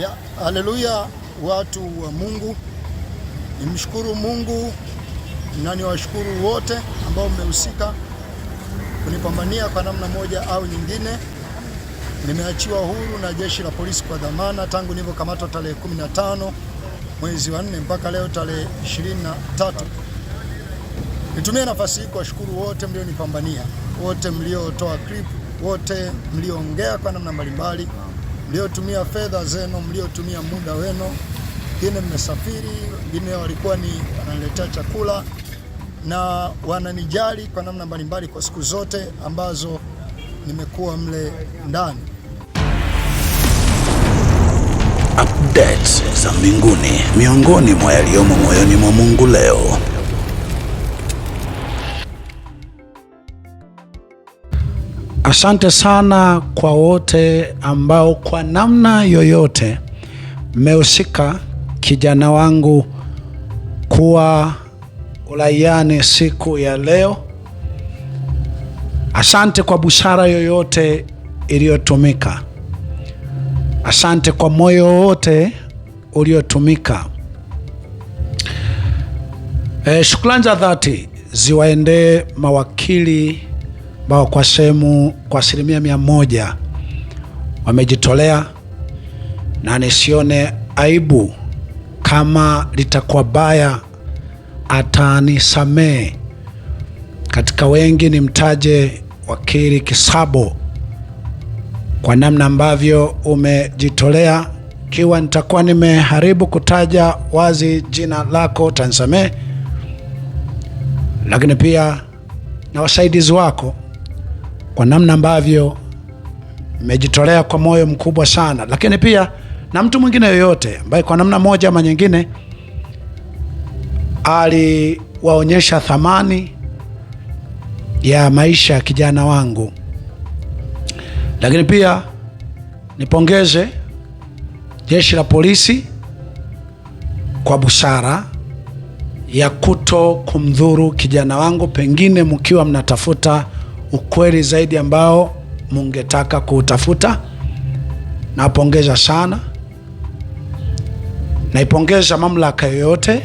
Ya, haleluya watu wa Mungu, nimshukuru Mungu na niwashukuru wote ambao mmehusika kunipambania kwa namna moja au nyingine. Nimeachiwa huru na jeshi la polisi kwa dhamana tangu nilipokamatwa tarehe 15 mwezi wa 4 mpaka leo tarehe 23. Nitumie nafasi hii kuwashukuru wote mlionipambania, wote mliotoa clip, wote mlioongea kwa namna mbalimbali mliotumia fedha zenu, mliotumia muda wenu, wengine mmesafiri, wengine walikuwa ni wanaletea chakula na wananijali kwa namna mbalimbali kwa siku zote ambazo nimekuwa mle ndani. Updates za mbinguni, miongoni mwa yaliyomo moyoni mwa Mungu leo. Asante sana kwa wote ambao kwa namna yoyote mmehusika kijana wangu kuwa uraiani siku ya leo. Asante kwa busara yoyote iliyotumika. Asante kwa moyo wote uliotumika. E, shukrani za dhati ziwaendee mawakili ambao kwa sehemu kwa asilimia mia moja wamejitolea, na nisione aibu kama litakuwa baya, atanisamee Katika wengi ni mtaje wakili Kisabo kwa namna ambavyo umejitolea. Ikiwa nitakuwa nimeharibu kutaja wazi jina lako, tanisamehe, lakini pia na wasaidizi wako kwa namna ambavyo mmejitolea kwa moyo mkubwa sana, lakini pia na mtu mwingine yoyote ambaye kwa namna moja ama nyingine aliwaonyesha thamani ya maisha ya kijana wangu. Lakini pia nipongeze jeshi la polisi kwa busara ya kuto kumdhuru kijana wangu, pengine mkiwa mnatafuta ukweli zaidi ambao mungetaka kuutafuta. Napongeza sana, naipongeza mamlaka yoyote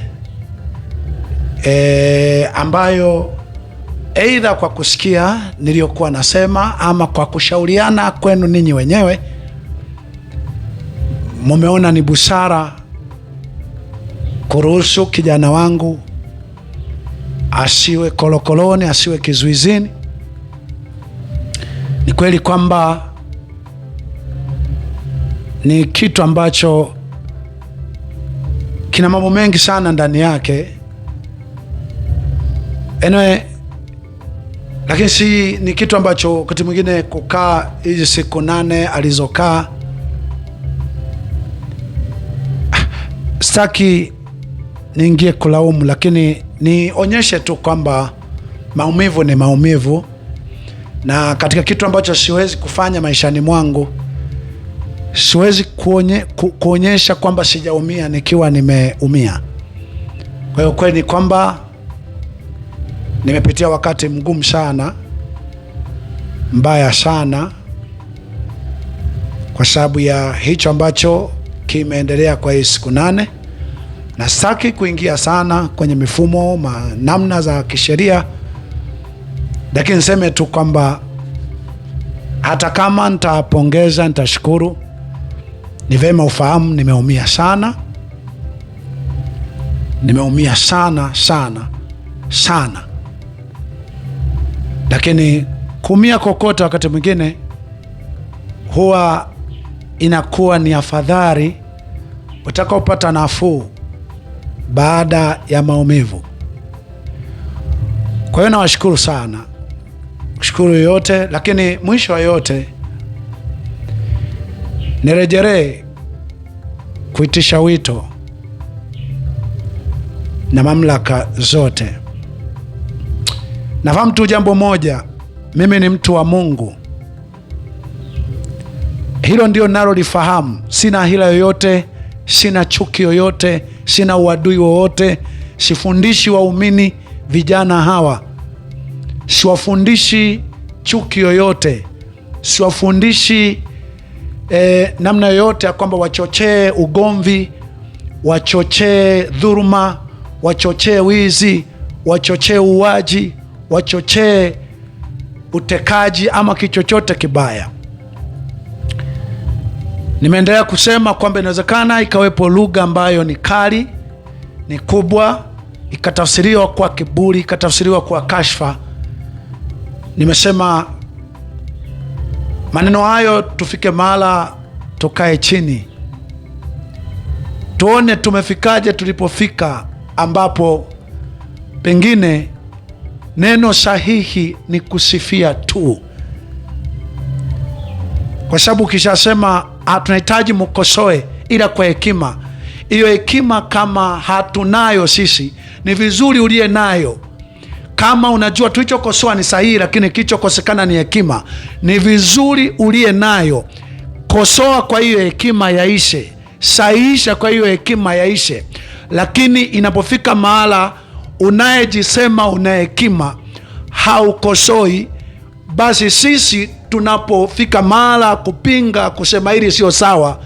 e, ambayo aidha kwa kusikia niliyokuwa nasema ama kwa kushauriana kwenu ninyi wenyewe mumeona ni busara kuruhusu kijana wangu asiwe kolokoloni, asiwe kizuizini, ni kweli kwamba ni kitu ambacho kina mambo mengi sana ndani yake enwe, lakini si ni kitu ambacho wakati mwingine kukaa hizi siku nane alizokaa, staki niingie kulaumu, lakini nionyeshe tu kwamba maumivu ni maumivu na katika kitu ambacho siwezi kufanya maishani mwangu, siwezi kuonye, ku, kuonyesha kwamba sijaumia nikiwa nimeumia. Kwa hiyo kweli ni kwamba nimepitia wakati mgumu sana, mbaya sana, kwa sababu ya hicho ambacho kimeendelea kwa hii siku nane. Na sitaki kuingia sana kwenye mifumo na namna za kisheria lakini niseme tu kwamba hata kama nitapongeza, nitashukuru, ni vema ufahamu nimeumia sana, nimeumia sana sana sana. Lakini kumia kokota wakati mwingine huwa inakuwa ni afadhali utakaopata nafuu baada ya maumivu. Kwa hiyo nawashukuru sana kushukuru yote, lakini mwisho wa yote nirejelee kuitisha wito na mamlaka zote. Nafahamu tu jambo moja, mimi ni mtu wa Mungu. Hilo ndio nalolifahamu. Sina hila yoyote, sina chuki yoyote, sina uadui wowote, sifundishi waumini vijana hawa siwafundishi chuki yoyote, siwafundishi eh, namna yoyote ya kwamba wachochee ugomvi, wachochee dhuruma, wachochee wizi, wachochee uuaji, wachochee utekaji ama kichochote kibaya. Nimeendelea kusema kwamba inawezekana ikawepo lugha ambayo ni kali, ni kubwa, ikatafsiriwa kwa kiburi, ikatafsiriwa kwa kashfa Nimesema maneno hayo, tufike mahala tukae chini tuone tumefikaje tulipofika, ambapo pengine neno sahihi ni kusifia tu, kwa sababu ukishasema hatunahitaji ah, mkosoe, ila kwa hekima. Hiyo hekima kama hatunayo sisi, ni vizuri uliye nayo kama unajua tulichokosoa ni sahihi, lakini kilichokosekana ni hekima, ni vizuri uliye nayo kosoa, kwa hiyo hekima yaishe, sahihisha, kwa hiyo hekima yaishe. Lakini inapofika mahala unayejisema una hekima haukosoi, basi sisi tunapofika mahala kupinga, kusema hili sio sawa,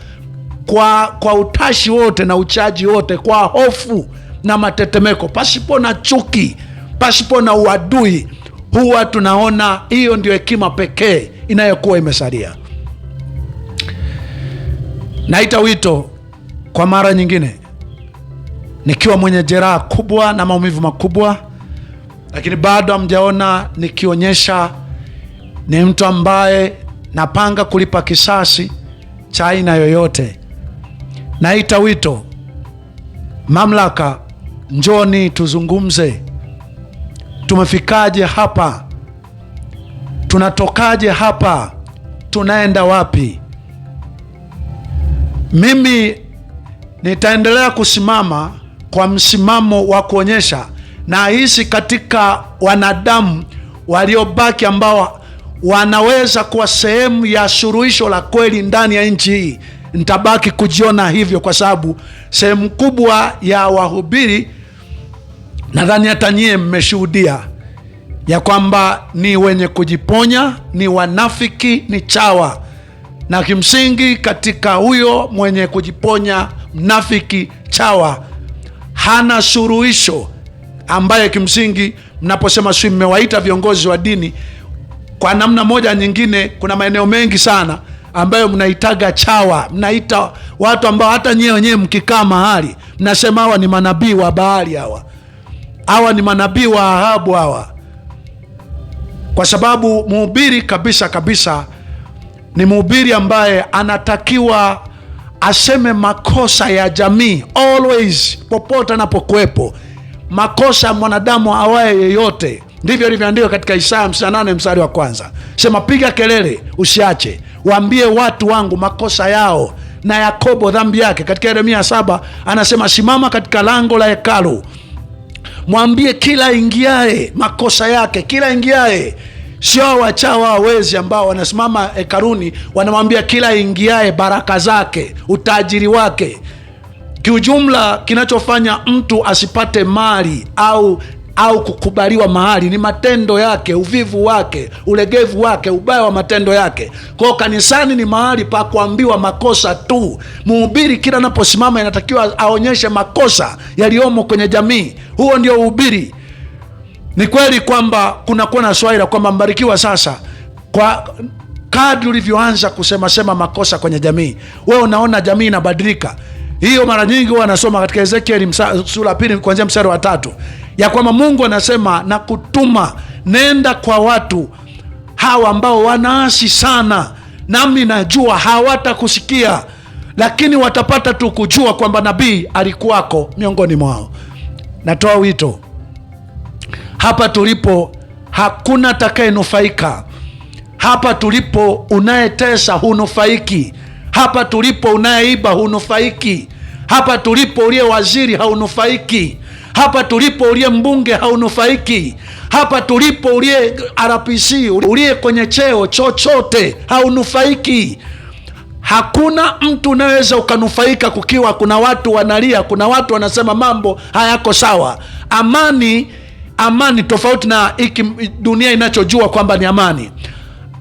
kwa, kwa utashi wote na uchaji wote, kwa hofu na matetemeko, pasipo na chuki pasipo na uadui, huwa tunaona hiyo ndio hekima pekee inayokuwa imesalia. Naita wito kwa mara nyingine, nikiwa mwenye jeraha kubwa na maumivu makubwa, lakini bado hamjaona nikionyesha ni mtu ambaye napanga kulipa kisasi cha aina yoyote. Naita wito mamlaka, njoni tuzungumze, Tumefikaje hapa? Tunatokaje hapa? Tunaenda wapi? Mimi nitaendelea kusimama kwa msimamo wa kuonyesha nahisi katika wanadamu waliobaki ambao wanaweza kuwa sehemu ya suluhisho la kweli ndani ya nchi hii. Nitabaki kujiona hivyo kwa sababu sehemu kubwa ya wahubiri Nadhani hata nyie mmeshuhudia ya kwamba ni wenye kujiponya, ni wanafiki, ni chawa, na kimsingi katika huyo mwenye kujiponya, mnafiki, chawa, hana suruhisho ambaye kimsingi mnaposema sui, mmewaita viongozi wa dini kwa namna moja nyingine, kuna maeneo mengi sana ambayo mnaitaga chawa, mnaita watu ambao hata nyie wenyewe mkikaa mahali mnasema hawa ni manabii wa Baali hawa hawa ni manabii wa Ahabu hawa, kwa sababu mhubiri kabisa kabisa ni mhubiri ambaye anatakiwa aseme makosa ya jamii always, popote anapokuwepo, makosa ya mwanadamu awaye yeyote. Ndivyo ilivyoandikwa katika Isaya 58 mstari wa kwanza, sema piga kelele, usiache, waambie watu wangu makosa yao na Yakobo dhambi yake. Katika Yeremia saba anasema simama katika lango la hekalu Mwambie kila ingiae makosa yake, kila ingiae Sio wachawa wawezi ambao wanasimama hekaruni wanamwambia kila ingiae baraka zake, utajiri wake. Kiujumla, kinachofanya mtu asipate mali au au kukubaliwa mahali ni matendo yake, uvivu wake, ulegevu wake, ubaya wa matendo yake. Kwao kanisani ni mahali pa kuambiwa makosa tu. Mhubiri kila anaposimama inatakiwa aonyeshe makosa yaliyomo kwenye jamii. Huo ndio uhubiri. Ni kweli kwamba kunakuwa na swali la kwamba Mbarikiwa, sasa kwa kadri ulivyoanza kusemasema makosa kwenye jamii, wewe unaona jamii inabadilika? Hiyo mara nyingi huwa anasoma katika Ezekieli sura pili kuanzia mstari wa tatu ya kwamba Mungu anasema na kutuma, nenda kwa watu hawa ambao wanaasi sana, nami najua hawatakusikia, lakini watapata tu kujua kwamba nabii alikuwako miongoni mwao. Natoa wito hapa tulipo, hakuna atakayenufaika hapa tulipo. Unayetesa hunufaiki hapa tulipo, unayeiba hunufaiki hapa tulipo, uliye waziri haunufaiki hapa tulipo uliye mbunge haunufaiki. Hapa tulipo uliye RPC, uliye kwenye cheo chochote haunufaiki. Hakuna mtu unaweza ukanufaika kukiwa kuna watu wanalia, kuna watu wanasema mambo hayako sawa. Amani, amani tofauti na hiki dunia inachojua kwamba ni amani.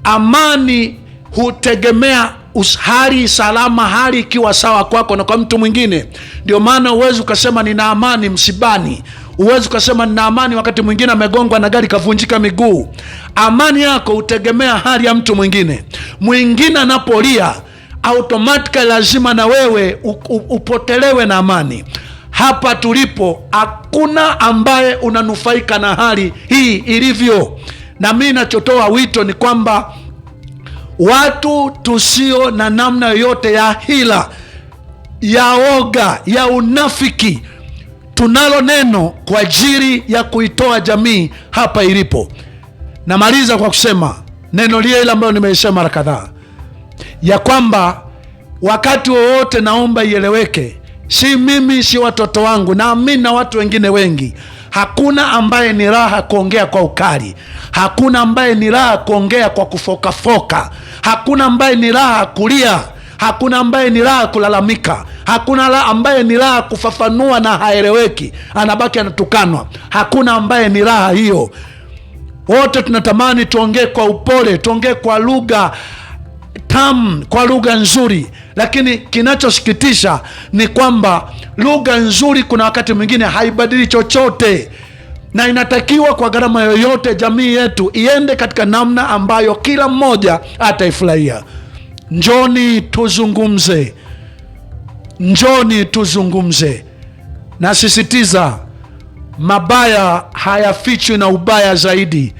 Amani hutegemea hali salama, hali ikiwa sawa kwako na kwa mtu mwingine. Ndio maana huwezi ukasema nina amani msibani, huwezi ukasema nina amani wakati mwingine amegongwa na gari kavunjika miguu. Amani yako hutegemea hali ya mtu mwingine. Mwingine anapolia automatika, lazima na wewe upotelewe na amani. Hapa tulipo hakuna ambaye unanufaika na hali hii ilivyo, na mi nachotoa wito ni kwamba watu tusio na namna yoyote ya hila ya oga ya unafiki. Tunalo neno kwa ajili ya kuitoa jamii hapa ilipo. Namaliza kwa kusema neno lile ile ambayo nimeisema mara kadhaa, ya kwamba wakati wowote, naomba ieleweke, si mimi si watoto wangu, naamini na watu wengine wengi Hakuna ambaye ni raha kuongea kwa ukali, hakuna ambaye ni raha kuongea kwa kufokafoka, hakuna ambaye ni raha kulia, hakuna ambaye ni raha kulalamika, hakuna ambaye ni raha kufafanua na haeleweki, anabaki anatukanwa. Hakuna ambaye ni raha hiyo. Wote tunatamani tuongee kwa upole, tuongee kwa lugha tamu kwa lugha nzuri, lakini kinachosikitisha ni kwamba lugha nzuri kuna wakati mwingine haibadili chochote, na inatakiwa kwa gharama yoyote jamii yetu iende katika namna ambayo kila mmoja ataifurahia. Njoni tuzungumze, njoni tuzungumze. Nasisitiza, mabaya hayafichwi na ubaya zaidi.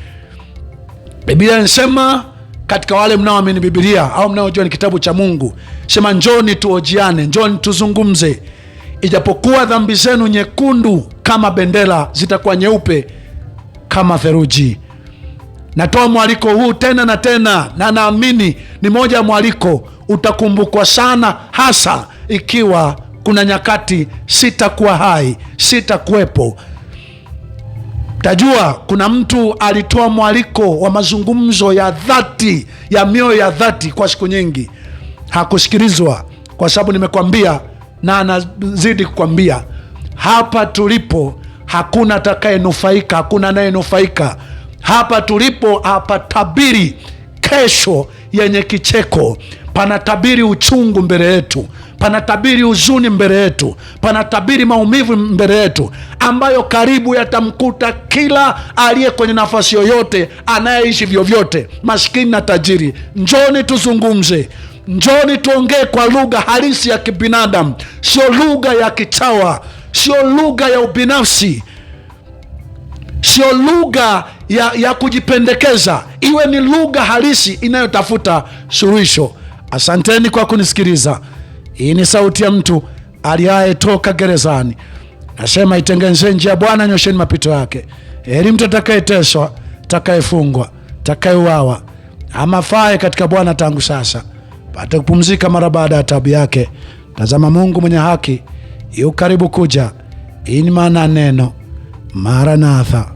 Biblia inasema katika wale mnaoamini Bibilia au mnaojua ni kitabu cha Mungu, sema njoni tuojiane, njoni tuzungumze, ijapokuwa dhambi zenu nyekundu kama bendera zitakuwa nyeupe kama theruji Natoa mwaliko huu tena na tena, na naamini ni moja ya mwaliko utakumbukwa sana, hasa ikiwa kuna nyakati sitakuwa hai, sitakuwepo. Tajua kuna mtu alitoa mwaliko wa mazungumzo ya dhati ya mioyo ya dhati kwa siku nyingi, hakusikilizwa kwa sababu nimekwambia, na anazidi kukwambia hapa tulipo hakuna atakayenufaika, hakuna anayenufaika hapa tulipo. Hapa tabiri kesho yenye kicheko panatabiri uchungu mbele yetu, panatabiri huzuni mbele yetu, panatabiri maumivu mbele yetu, ambayo karibu yatamkuta kila aliye kwenye nafasi yoyote, anayeishi vyovyote, maskini na tajiri. Njoni tuzungumze, njoni tuongee kwa lugha halisi ya kibinadamu, sio lugha ya kichawa, sio lugha ya ubinafsi, sio lugha ya, ya kujipendekeza. Iwe ni lugha halisi inayotafuta suluhisho. Asanteni kwa kunisikiliza. Hii ni sauti ya mtu aliyetoka gerezani. Nasema itengenze njia Bwana, nyosheni mapito yake. Heri mtu atakayeteswa, atakayefungwa, atakayeuawa ama fae katika Bwana tangu sasa, pate kupumzika mara baada ya taabu yake. Tazama, Mungu mwenye haki yu karibu kuja. Hii ni maana neno Maranatha.